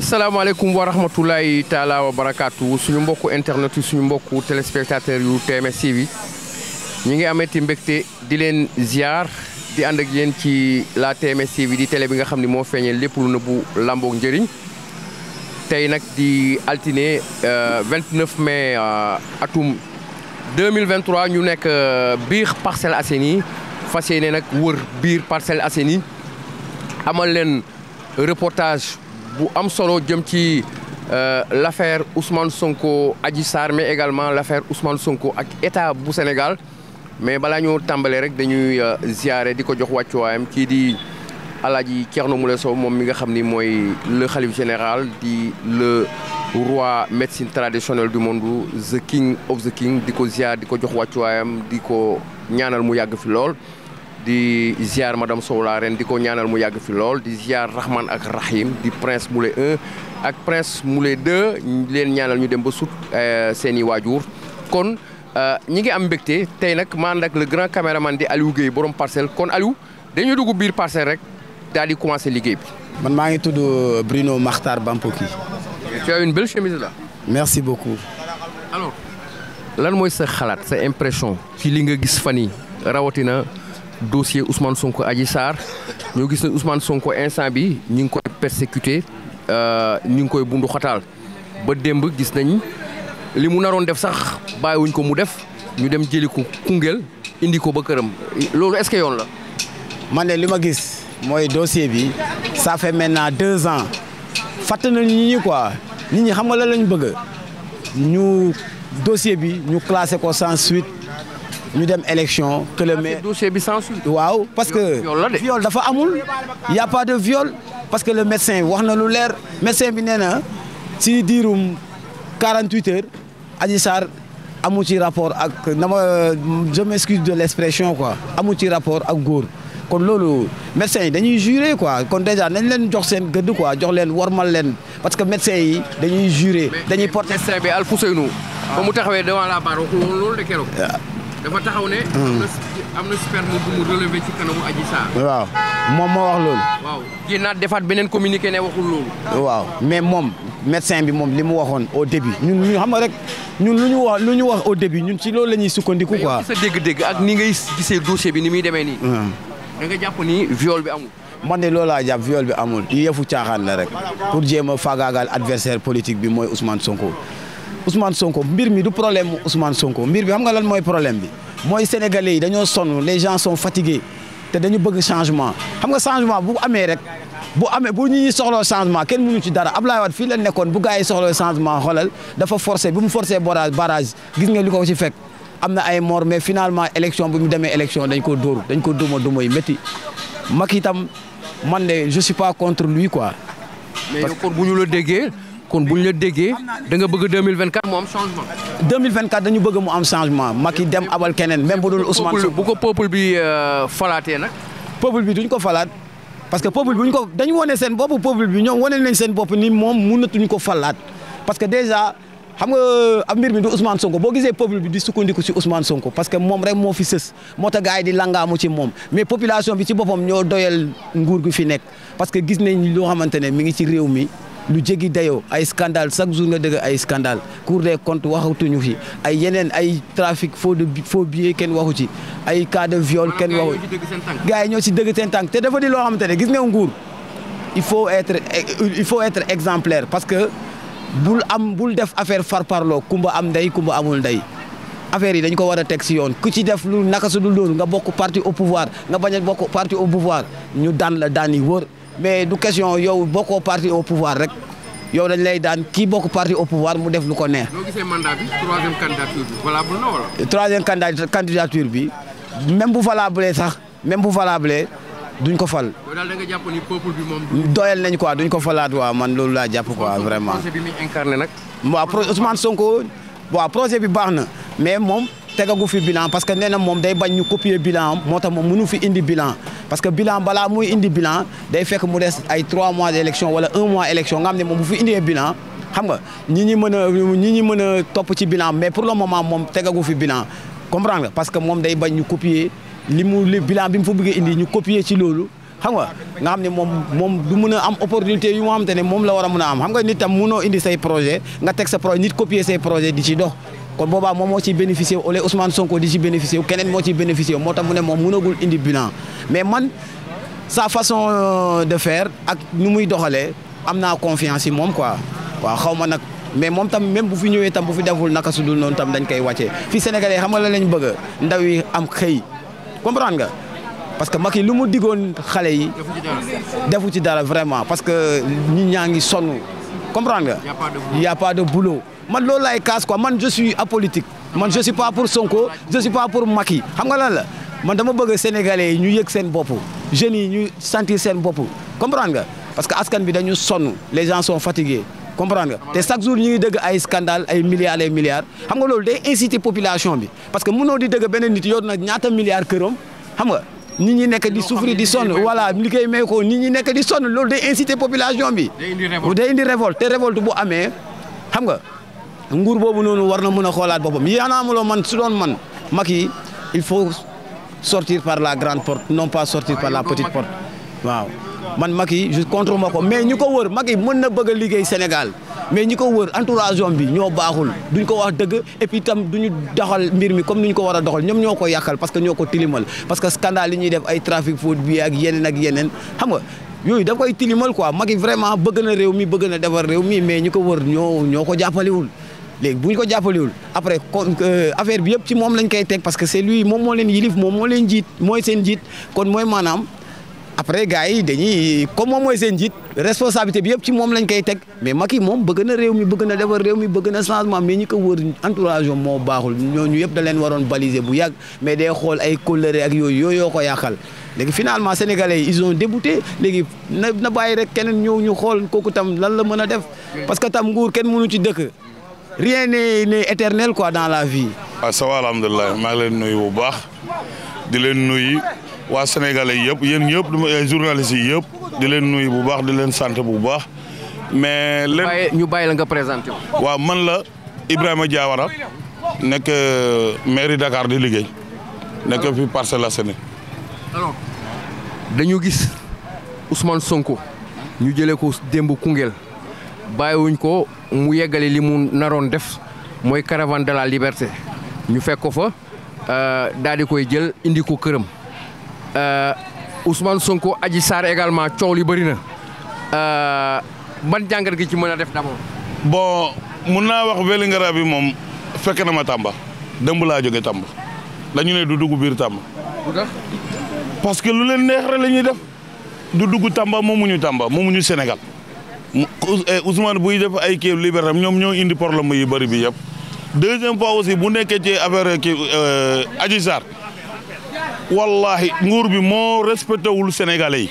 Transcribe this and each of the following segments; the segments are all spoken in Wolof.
asalaamaaleykum wa rahmatulahi taala wa barakaatu suñu mbokku internet suñu mbokku téléspectateur yu TMS TV ñu ngi amati mbégte di leen ziar di ànd ak yéen ci la TMS TV di télé bi nga xam ne moo feeñee lépp lu nëbbu lambok njëriñ tey nag di altine 29 euh, mai euh, atum 2023 ñu nekk euh, biir Parcelles asseni fas yéene nag wër biir Parcelles Assainies amal leen reportage. bu am solo jëm ci euh, l' affaire Ousmane Sonko aji Sarr mais également l' affaire Ousmane Sonko ak état bu Sénégal mais balaa ñu tàmbalee rek dañuy euh, ziare di ko jox wàccuwaayam ci di Alaaji Thierno Moule Sow moom mi nga xam ni mooy le xalif général di le roi médecine traditionnelle du monde the king of the king di ko ziar di ko jox wàccuwaayam di ko ñaanal mu yàgg fi lool. di ziar madame Sow laa ren di ko ñaanal mu yàgg fi lool di ziar Rahman ak Rahim di prince Moulé 1 ak prince Moulé 2 leen ñaanal ñu dem ba sut euh, seen i waajur kon euh, ñi ngi am mbégte tey nag ma ànd la le grand man di Aliou Guèye borom parcelle kon Aliou dañuy dugg biir parcelle rek daal di commencé liggéey bi. man maa ngi tudd euh, Bruno Makhtar Bampoki. tu as merci beaucoup. lan mooy sa xalaat sa impression ci li nga gis fan yi rawatina. dossier Ousmane Sonko Adji Sarr ñoo gis ne Ousmane Sonko instant bi ñu ngi koy persécuté euh, ñu ngi koy bundu xataal ba démb gis nañ li mu naroon def sax bàyyiwuñ ko mu def ñu dem jëli ko Koungheul indi ko ba këram loolu est-ce que yoon la. man ne li ma gis mooy dossier bi ça fait maintenant deux ans fàtte nañ nit ñi quoi nit ñi xam nga la lañu bëgg ñu dossier bi ñu classé ko sans suite. ñu dem élection que le ah, maire dossier waaw parce que viol dafa amul y de viol parce que le médecin wax na lu leer médecin bi nee na si diirum 48 heures Adji Sarr amu ci rapport ak nama ma je m'excuse de l'expression quoi amu ci rapport ak góor kon loolu médecin yi dañuy juré quoi kon déjà nañ leen jox seen gëdd quoi jox leen warmal leen parce que médecin yi dañuy juré dañuy porter médecin bi Alfousseynou ba mu taxawee devant la dafa taxaw ne. am hmm. waaw moom moo wax loolu. waaw génnaat defaat beneen communiqué ne waxul loolu. waaw mais moom médecin bi moom li mu waxoon au début ñun ñu xam nga rek ñun lu ñu wax lu ñu wax au début ñun si loolu la ñuy sukkandiku quoi. sa dégg-dégg ak ni ngay gisee dossier bi ni muy demee nii. Hmm. da nga jàpp ni viol bi amul. man de loolu laa jàpp viol bi amul. yëfu caaxaan la rek pour jéem a faagaagal adversaire politique bi mooy Ousmane Sonko. Ousmane Sonko mbir mi du problème mu Ousmane Sonko mbir bi xam nga lan mooy problème bi mooy sénégalais yi dañoo sonn les gens sont fatigués te dañu bëgg changement xam nga changement bu amee rek bu amee bu ñi soxloo changement kenn mënu ci dara Abdoulaye Wade fii lan nekkoon bu gars yi soxloo changement xoolal dafa forcé bu mu forcé barrage barrage gis nga li ko ci fek am na ay mort mais finalement élection bu mu demee élection dañ ko door dañ ko domo duma yu métti mag itam man de je suis contre lui quoi. mais kon bu ñu la déggee da nga bëgg 2024 mu am changement. 2024 dañu bëgg mu am changement Macky dem abal keneen même bu dul Ousmane. bu ko peuple bi euh, falaatee nag. peuple bi duñ ko falaat parce que peuple bi ñu ko dañu wane seen bopp peuple bi ñoom wane nañ seen bopp ni moom mënatuñ ko falaat parce que déjà xam nga ab mbir mi du Ousmane Sonko boo gisee peuple bi di sukkandiku ci Ousmane Sonko parce que moom rek moo fi sës moo tax gars yi di langaamu ci moom mais population bi ci boppam ñoo doyal nguur gi fi nekk parce que gis nañ loo xamante ne mi ngi ci réew mi. lu jéggi dayoo ay scandale chaque jour nga dëgg ay scandale cour des comptes waxatuñu fi ay yeneen ay trafic faux de faux billets kenn waxu ci ay cas de viol kenn waxu gars yi ñoo ci dëgg seen te dafa di loo xamante ne gis nga nguur il faut être il faut être exemplaire parce que bul am bul def affaire farparloo kumba am ndey kumba amul ndey affaire yi dañ ko war a teg si yoon ku ci def lu naka su dul loolu nga bokk parti au pouvoir nga bañ a bokk parti au pouvoir ñu daan la daan wër mais du question yow bokkoo parti au pouvoir rek yow dañ lay daan kii bokk parti au pouvoir mu def lu ko neex. noo gisee mandat bi troisième bi même bu valable sax même bu valable duñ ko fal. yow daal da nañ quoi duñ ko falaat waa man loolu laa jàpp quoi vraiment. projet bi muy incarné nag. waaw Ousmane Sonko waa projet bi baax na. mais moom tegagu fi bilan parce que nee na moom day bañ ñu copier bilan moo tax moom mënu fi indi bilan parce que bilan balaa muy indi bilan day fekk mu des ay trois mois d'élection wala un mois élection nga xam ne moom bu fi indee bilan xam nga ñi ñi mën a ñi ñi mën a topp ci bilan mais pour le moment moom tegagu fi bilan comprendre nga parce que moom day bañ ñu copier li mu bilan bi mu fa bëggee indi ñu copier ci loolu xam nga nga xam ne moom moom du mën a am opportunité yu mu xam te ne moom la war a mën a am xam nga nit tam mënoo indi projet nga teg sa projet nit copier projet di ci dox kon boobaa moom moo ciy bénéficié wu au lieu Ousmane Sonko di ci bénéficié wu keneen moo ciy bénéficié wu moo tax mu moom mënagul indi bilan mais man sa façon euh, de faire ak nu muy doxalee am naa confiance yi moom quoi waaw xaw ma nag mais moom tam même bu fi ñëwee tam bu fi deful naka su dul noonu tam dañ koy wàccee fii Sénégalais xam nga la lañ bëgg ndaw am xëy comprendre nga. parce que Macky lu mu diggoon xale yi. defu ci dara vraiment parce que ñi ñaa ngi sonn comprendre nga. y' de boulot man loolu laay casse quoi man je suis apolitique man je suis pas pour Sonko je suis pas pour Macky xam nga la man dama bëgg Sénégalais ñu yëg seen bopp jeunes yi ñu santir seen bopp comprendre nga parce que askan bi dañu sonn les gens sont fatigués. comprendre nga te chaque jour ñu ngi dëgg ay scandale ay milliards ay milliards xam nga loolu day inciter population bi parce que mënoo di dëgg benn nit yor na ñaata milliards këram xam nga. nit ñi nekk di souffrir di sonn voilà liggéey may ko nit ñi nekk di sonn loolu day inciter population bi. day indi révolte te révolte bu amee xam nga nguur boobu noonu war na mën a xoolaat boppam yéen amuloo man su doon man mag yi il faut sortir par la grande porte non pas sortir par la petite porte waaw man mag yi je contre ma ko mais ñu ko wër mag yi mën na bëgg liggéey Sénégal. mais ñi ko wër entourage bi ñoo baaxul duñ ko wax dëgg et puis itam duñu doxal mbir mi comme ni ñu ko war a doxal ñoom ñoo ko yàqal parce que ñoo ko tilimal parce que scandale yi def ay trafic foot bi ak yeneen ak yeneen xam nga yooyu da koy tilimal quoi magi vraiment bëgg na réew mi bëgg na defar réew mi mais ñi ko wër ñoo ñoo ko jàppalewul léegi bu ñu ko jàppalewul après kon euh, affaire bi yëpp ci moom lañ koy teg parce que c'est lui moom moo leen yilif moom moo leen jiit mooy seen jiit kon mooy maanaam après gars yi dañuy comme moom mooy seen njiit responsabilité bi yëpp ci moom lañ koy teg mais Macky moom bëgg na réew mi bëgg na defar réew mi bëgg na changement mais ñi ko wër entourage moo baaxul ñooñu yëpp da leen waroon baliser bu yàgg mais day xool ay colère ak yooyu yooyu yoo ko yàqal léegi finalement sénégalais yi ils ont débouté léegi na na bàyyi rek keneen ñëw ñu xool kooku tam lan la mën a def parce que tam nguur kenn mënu ci dëkk rien n'est éternel quoi dans la vie. waaw ah, ça va alhamdulilah maa leen nuyu bu baax waa Sénégalais yëpp yéen yëpp duma journalistes yi yëpp di leen nuyu bu baax di leen sant bu baax. mais leen ñu bàyyi la nga présenté waaw man la Ibrahima Diawara nekk euh, mairie Dakar di liggéey nekk fi Parcelles Assainies. alors dañu gis Ousmane Sonko ñu jëlee ko démb Koungheul bàyyiwuñ ko mu yeggale li mu naroon def mooy caravane de la liberté ñu fekk ko fa euh, daal di koy jël indi ko këram. Euh, Ousmane Sonko aji Sarr également coow li bëri na euh, ban jàngat gi ci mën a def d'abord. bon mun naa wax Vélingara bi moom fekk na ma Tamba dëmb laa jóge Tamba dañu ne du dugg biir Tamba. parce que lu leen neex rek la ñuy def du dugg Tamba moomuñu Tamba moomuñu Sénégal mu eh, Ousmane buy def ay kii liberté ñoom ñoo indi problème yu bari bi yëpp deuxième fois aussi bu nekkee ci affaire kii euh, Adji Sarr wallahi nguur bi moo respecté wul sénégalais yi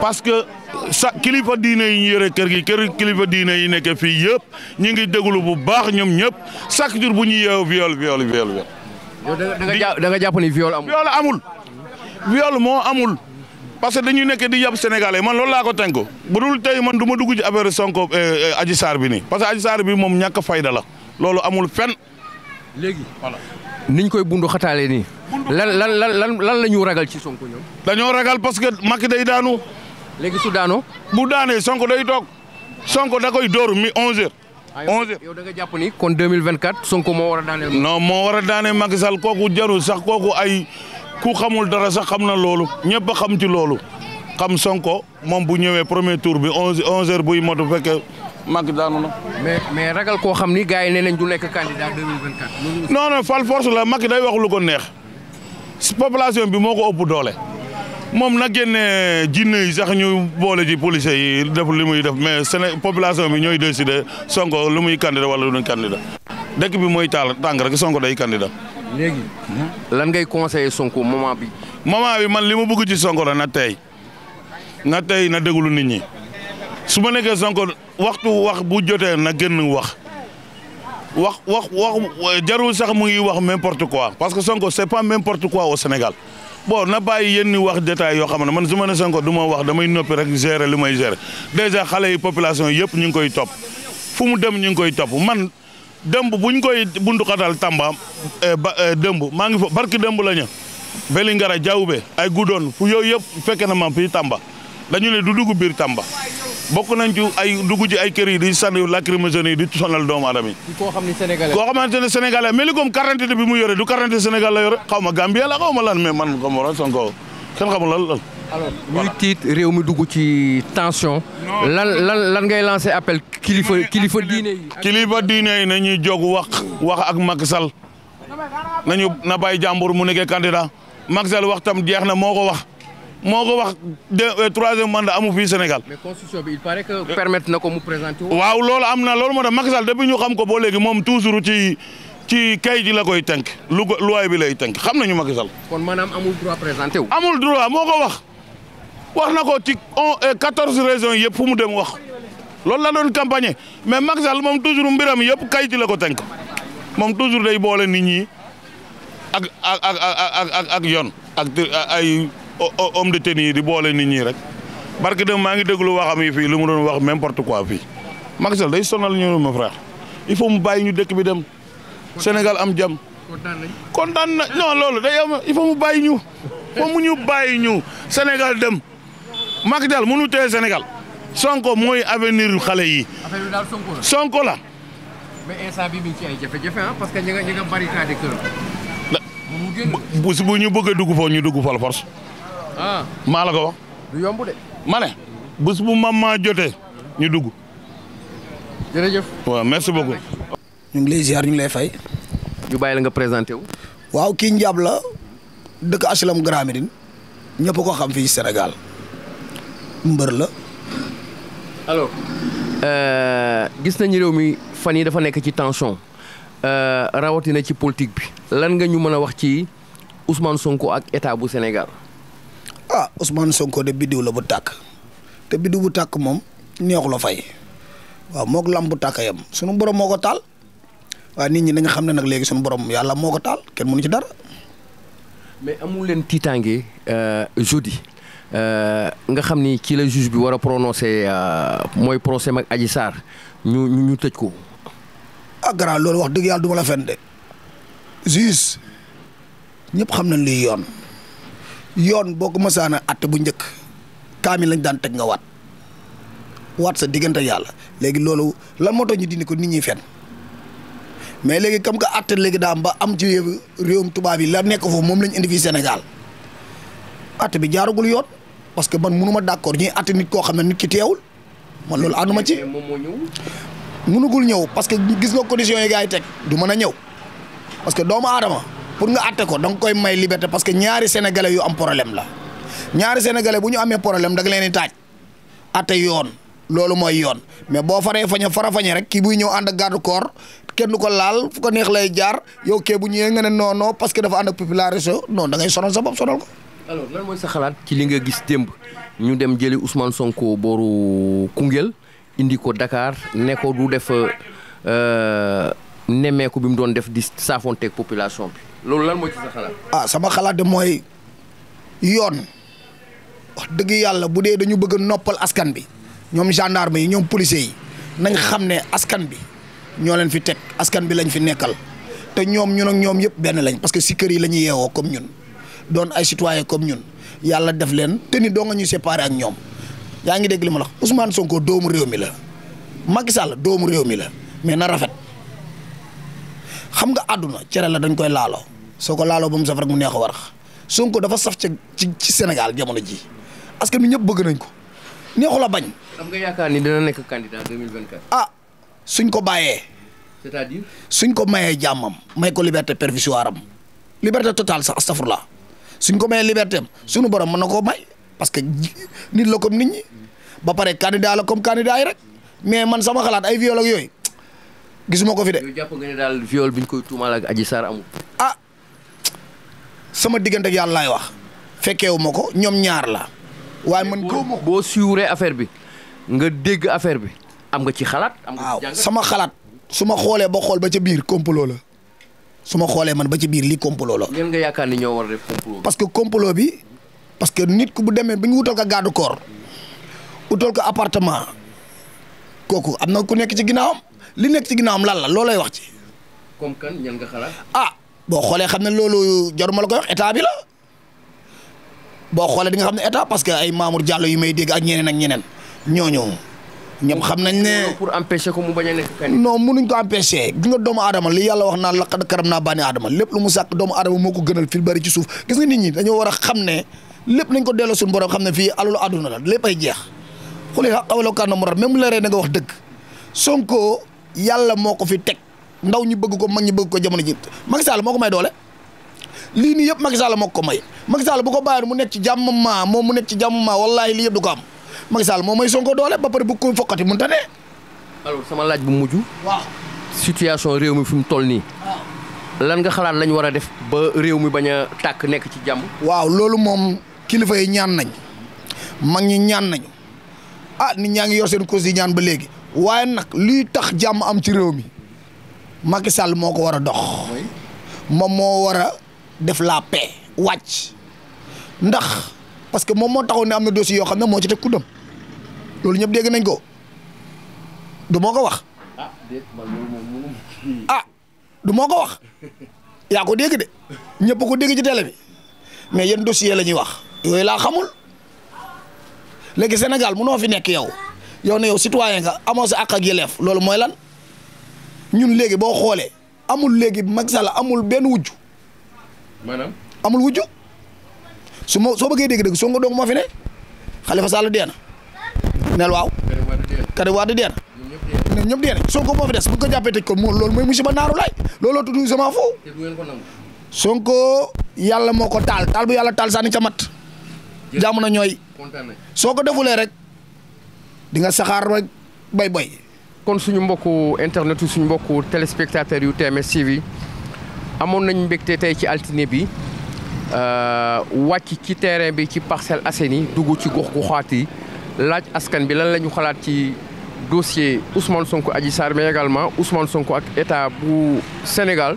parce que sa kilifa diina yi ñu yore kër gi kër kilifa diina yi nekk fii yëpp ñu ngi déglu bu baax ñoom ñëpp chaque jour bu ñuy yeew viol viol viol viol da jàpp ni viol amul viol amul viol moo amul parce que dañuy nekk di yab sénégalais man loolu laa ko tënk bu dul tey man du ma dugg ci affaire Sonko eh, eh, Adji Sarr bi nii parce que Adji Sarr bi moom ñàkk fayda la loolu amul fen léegi niñ koy bundu xataale nii lan lan lan lan lan la ñu ragal ci Sonko ñoom. dañoo ragal parce que Macky day daanu. léegi su daanoo. bu daanee Sonko day toog Sonko da koy dóor mi 11h. Ah, 11h yow da nga jàpp ni kon 2024 Sonko moo war a daaneel. moo war a daaneel Macky Sall kooku sax kooku ay ku xamul dara sax xam na loolu ñëpp xam ci loolu. xam Sonko moom bu ñëwee premier tour bi 11 11h buy mot bu fekkee Macky daanu na. mais mais ragal koo xam ni gars yi nee nañ du nekk candidat 2024. non fal force la Macky day wax ko neex. si population bi moo ko ëpp doole moom na génne jinne yi sax ñu boole ji police yi def li muy def mais seen population bi ñooy décider Sonko lu muy candidat wala lu muy candidat dëkk bi mooy taal tàng rek Sonko day candidat. léegi lan ngay conseiller Sonko moment bi. moment bi man li ma bëgg ci Sonko la na tey na tey na déglu nit ñi su ma nekkee Sonko waxtu wax bu jotee na génn wax. wax wax wax jarul sax mu ngi wax n'importe quoi parce que Sonko c'est pas n'importe quoi au Sénégal bon na bàyyi yenn wax détails yoo xam ne man su ma ne Sonko du ma wax damay noppi rek gérer li may gérer déjà xale yi population yëpp ñu ngi koy topp fu mu dem ñu ngi koy topp man demb bu buñ koy bunduxatal Tamba eh, ba eh, dëmb maa ngi fa barki demb la ñu Vélingara Diaoubé ay guddoon fu yooyu yëpp fekke na ma fii Tamba dañu ne du dugg biir Tamba bokk nañ ci ay dugg ci ay kër yi di sànni lacrymogène yi di sonal doomu aadama yi. koo xam ne sénégalais koo xamante ne sénégalais mel ni comme carte d'identité bi mu yore du carte d'identité Sénégal la yore xaw ma Gambia la xaw ma lan mais man comme war a Sonko kenn xamul lan alors ñuy tiit réew mi dugg ci tension. lan lan lan ngay lancé appel kilifa kilifa diine yi. kilifa diine yi nañuy jóg wax wax ak Macky Sall nañu na bàyyi jàmbur mu nekkee candidat Macky Sall wax tam jeex na moo ko wax. moo ko wax deux euh, troisième mandat amu fii Sénégal. mais constitution bi il paraît na ko mu présenter. waaw loolu am na loolu moo tax Macky Sall depuis ñu xam ko boo léegi moom toujours ci ci kayit yi la koy tënk lu ko loi bi lay tënk xam nañu Macky Sall. kon maanaam amul droit présenter wu. amul droit moo ko wax wax na ko ci on euh, quatorze régions yëpp fu mu dem wax loolu la doon campagne mais Macky Sall moom toujours mbiram yëpp kayit yi la ko tenk moom toujours day boole ni ñi ak ak yoon ak homme de tenue di boole nit ñi rek barke dem maa ngi déglu waxam yi fii lu mu doon wax n'importe quoi fii Macky Sall day sonal ñu ma frère il faut mu bàyyi ñu dëkk bi dem Sénégal am jàmm kontaan na non loolu day am il mu bàyyi ñu faut mu ñu bàyyi ñu Sénégal dem Macky daal mënu tee Sénégal Sonko mooy avenir xale yi Sonko la mais instant bi mi ngi ah, parce que ñi nga ñi bu ñu bëgg a dugg foofu ñu dugg fal force Ah. maa la ko wax. du yomb de. ma ne. bu mam maa jotee ñu dugg. jërëjëf. waaw merci beaucoup. ñu ngi lay ziar ñu ngi lay fay. ñu bàyyi la nga présenté wu. waaw kii Ndiab la dëkk HLM Grand Médine ñëpp ko xam fii senegal mbër la. alors euh, gis nañu réew mi fan yi dafa nekk ci tension euh, rawatina ci politique bi lan nga ñu mën a wax ci Ousmane Sonko ak état bu Sénégal. ah Ousmane Sonko de biddiw la bu tàkk te biddiw bu tàkk moom neexu la fay waaw moog lam bu tàkk yam sunu borom moo ko taal waaye nit ñi nga xam ne nag léegi sunu borom yàlla moo ko taal kenn mënu ci dara. mais amul leen tiitaange euh, jeudi euh, nga xam ni ci la juge bi war a prononcé euh, mooy procès mag Adji Sarr ñu ñu tëj ko. ah grand loolu wax dëgg yàlla du ma la fen de juge ñëpp xam nañ liy yoon. yoon boo ko mësaana atte bu njëkk kaamil lañ daan teg nga waat waat sa diggante yàlla léegi loolu lan moo tax ñu dindi ko nit ñi fen mais léegi comme que atte léegi daam ba am ci réewum tubaab yi la nekk foofu moom lañ indi fii Sénégal atte bi jaaragul yoon parce que man munuma d'accord ñuy atte nit ko xam ne nit ki teewul man loolu ma ci munugul ñëw parce que gis nga conditions yi gars yi teg du mën a ñëw parce que doomu aadama pour nga àtte ko da nga koy may liberté parce que ñaari sénégalais yu am problème la ñaari sénégalais bu ñu amee problème da nga leen di taaj àtte yoon loolu mooy yoon mais boo faree fañ fara fañee rek kii buy ñëw ànd ak garde corps kenn ko laal fu ko neex lay jaar yow kee bu ñëwee nga ne non non parce que dafa ànd ak popularité non da ngay sonal sa bopp sonal ko. alors lan mooy sa xalaat ci li nga gis démb ñu dem jëli Ousmane Sonko booru Koungheul indi ko Dakar ne ko du def euh, nemmeeku bi mu doon def di saafonteeg population bi. loolu lan moo ci xalaat. ah mooy yoon dëgg yàlla bu dee dañu bëgg noppal askan bi ñoom ma yi ñoom policiers yi nañ xam ne askan bi ñoo leen fi teg askan bi lañ fi nekkal te ñoom ñun ak ñoom yëpp benn lañ parce que si kër yi la yeewoo comme ñun doon ay citoyen comme ñun yàlla def leen te ni doo nga ñuy séparé ak ñoom yaa ngi dégg li ma la wax Ousmane Sonko doomu réew mi la Macky Sall doomu réew mi la mais na rafet xam nga àdduna cere la dañ koy laaloo. soo ko laaloo ba mu saf rek mu neex a warax Sonko dafa saf ca ci ci Sénégal jamono ji que bi ñëpp bëgg nañ ko neexu la bañ. am nga yaakaar ni dina nekk candidat 2024. ah suñ ko bàyyee. cest à suñ ko mayee jàmmam may ko liberté provisoire am liberté totale sax astafurlah suñ ko mayee liberté am suñu borom mën na koo may parce que nit la kom nit ñi ba pare candidat la comme candidat yi rek mais man sama xalaat ay viol ak yooyu gisuma ko fi de. nga ne daal viol bi ñu koy tuumaal ak Adji Sarr amul. ah sama diggante ak yàlla laay wax fekkeewu ko ñoom ñaar la waaye man gëw boo suuree affaire bi nga dégg affaire bi am nga ci xalaat am nga sama xalaat su ma xoolee ba xool ba ca biir complot la su ma xoolee man ba ci biir li complot la. ngeen nga yaakaar ni ñoo war def complot. parce que complot bi parce que nit ku bu demee bu ñu wutal ko garde corps wutal ko appartement kooku am na ku nekk ci ginnaawam li nekk ci ginnaawam lan la loolay wax ci. comme kan nga boo xoolee xam ne loolu jaru ma la koy wax état bi la boo xoolee di nga xam ne état parce que ay Mamour Diallo yu may dégg ak ñeneen ak ñeneen ñooñu ñoom xam nañ ne. pour empêcher ko mu bañ a nekk non munuñ ko empêcher gis doomu aadama li yàlla wax naan laqad karam naa bani aadama lépp lu mu sàkk doomu aadama moo ko gënal fi bari ci suuf gis nga nit ñi dañoo war a xam ne lépp nañ ko delloo suñu borom xam ne fii alalu àdduna la lépp ay jeex xuli xawaloo kànna mu rat même bu leeree da nga wax dëgg Sonko yàlla moo ko fi teg ndaw ñi bëgg ko mag ñi bëgg ko jamono ji Macky moo ko may doole lii nii yëpp mag Sall moo ko may Macky Sall bu ko bàyyoon mu nekk ci jàmm ma moom mu nekk ci jàmm ma wallaahi lii yëpp du ko am Macky Sall moo may Sonko doole ba pare bu ko fokkati mënta ne. alors sama laaj bu mujj. waaw situation réew mi fi mu toll nii. lan nga xalaat lañ war a def ba réew mi bañ a tàkk nekk ci jàmm. waaw loolu moom kilifa yi ñaan nañ mag ñi ñaan nañu ah nit ñaa ngi yor seen cause yi ñaan ba léegi waaye nag luy tax jàmm am ci réew mi. Macky Sall moo ko war a dox. moom moo war a def la paix wàcc ndax parce que moom moo taxoon ne am na dossier yoo xam ne moo ci teg ku loolu ñëpp dégg nañ ko du moo ko wax. Ah, a ah, du moo ko wax yaa ko dégg de ñëpp ko dégg ci télé bi mais yéen dossier la ñuy wax yooyu laa xamul léegi Sénégal mënoo fi nekk yow yow ne yow citoyen nga amoo sa àq ak yelleef loolu mooy lan. ñun léegi boo xoolee amul léegi mag Sall amul benn wujj maanaam amul wujju su ma soo bëggee dégg-dégg Sonko dong moo fi ne Khalifa Sall dee na neel waaw Karim Wade dee na ne ñëpp dee nañ Sonko moo fi des bu ko jàppee tëj ko moom loolu mooy musiba naaru laay looloo tudd sama soo Sonko yàlla moo ko taal taal bu yàlla taal sànni ca mat jàmm na ñooy soo ko defulee rek di nga saxaar rek bay bay kon suñu mbokku internet yu suñu mbokku téléspectateurs yu TMS TV amoon nañ mbégte tey ci altine bi euh, wàcc ci terrain bi ci parcelle asseni dugg ci gox goxaat yi laaj askan bi lan la ñu xalaat ci dossier Ousmane Sonko Adji Sarr mais également Ousmane Sonko ak état bu Sénégal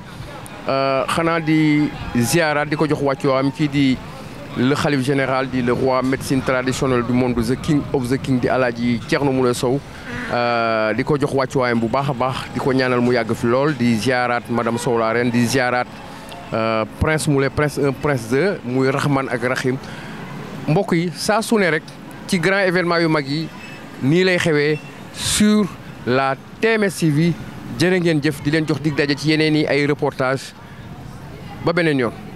euh, xanaa di ziara di ko jox wàccuwaam ci di. le khalife général di le roi médecine traditionnelle du monde the king of the king di alaaji Thierno Moule Sow euh, di ko jox wàccuwaayam bu baax a baax di ko ñaanal mu yàgg fi lool di ziaraat madame Sow la reine di ziaraat euh, prince Moule prince un prince deux muy Rahman ak Rahim mbokk yi saa su rek ci grand événement yu mag yi nii lay xewee sur la TMS TV jërë ngeen jëf di leen jox dig daje ci yeneen i ay reportage ba beneen yoon.